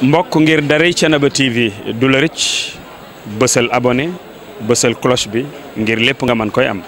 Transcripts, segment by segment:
mbokk ngir daray Thiénaba TV du la rëcc bësal abonné bësal cloche bi ngir lépp nga mën koy am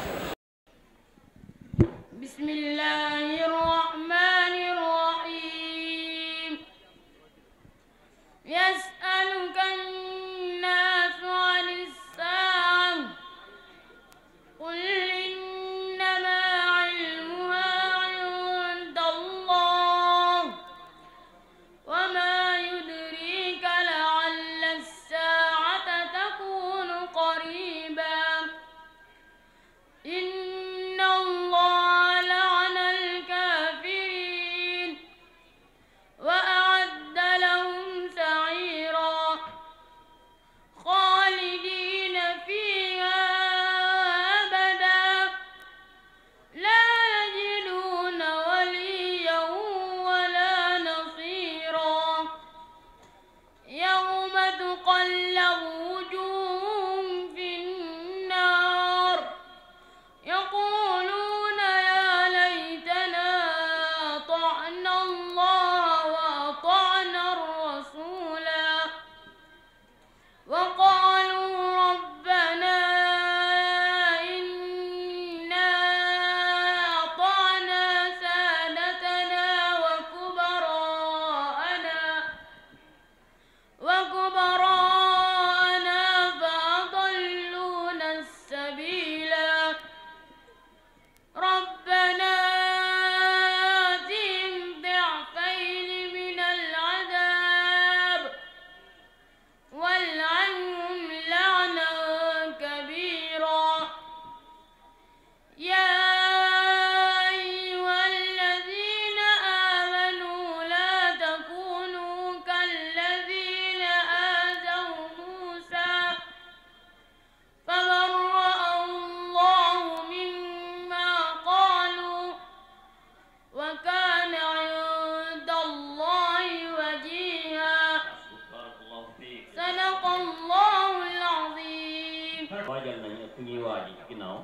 ku ñuy waaj ci ginnaaw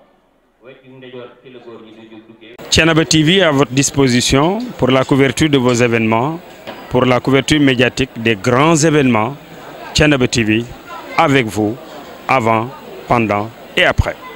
Thiénaba TV à votre disposition pour la couverture de vos événements, pour la couverture médiatique des grands événements. Thiénaba TV avec vous, avant, pendant et après.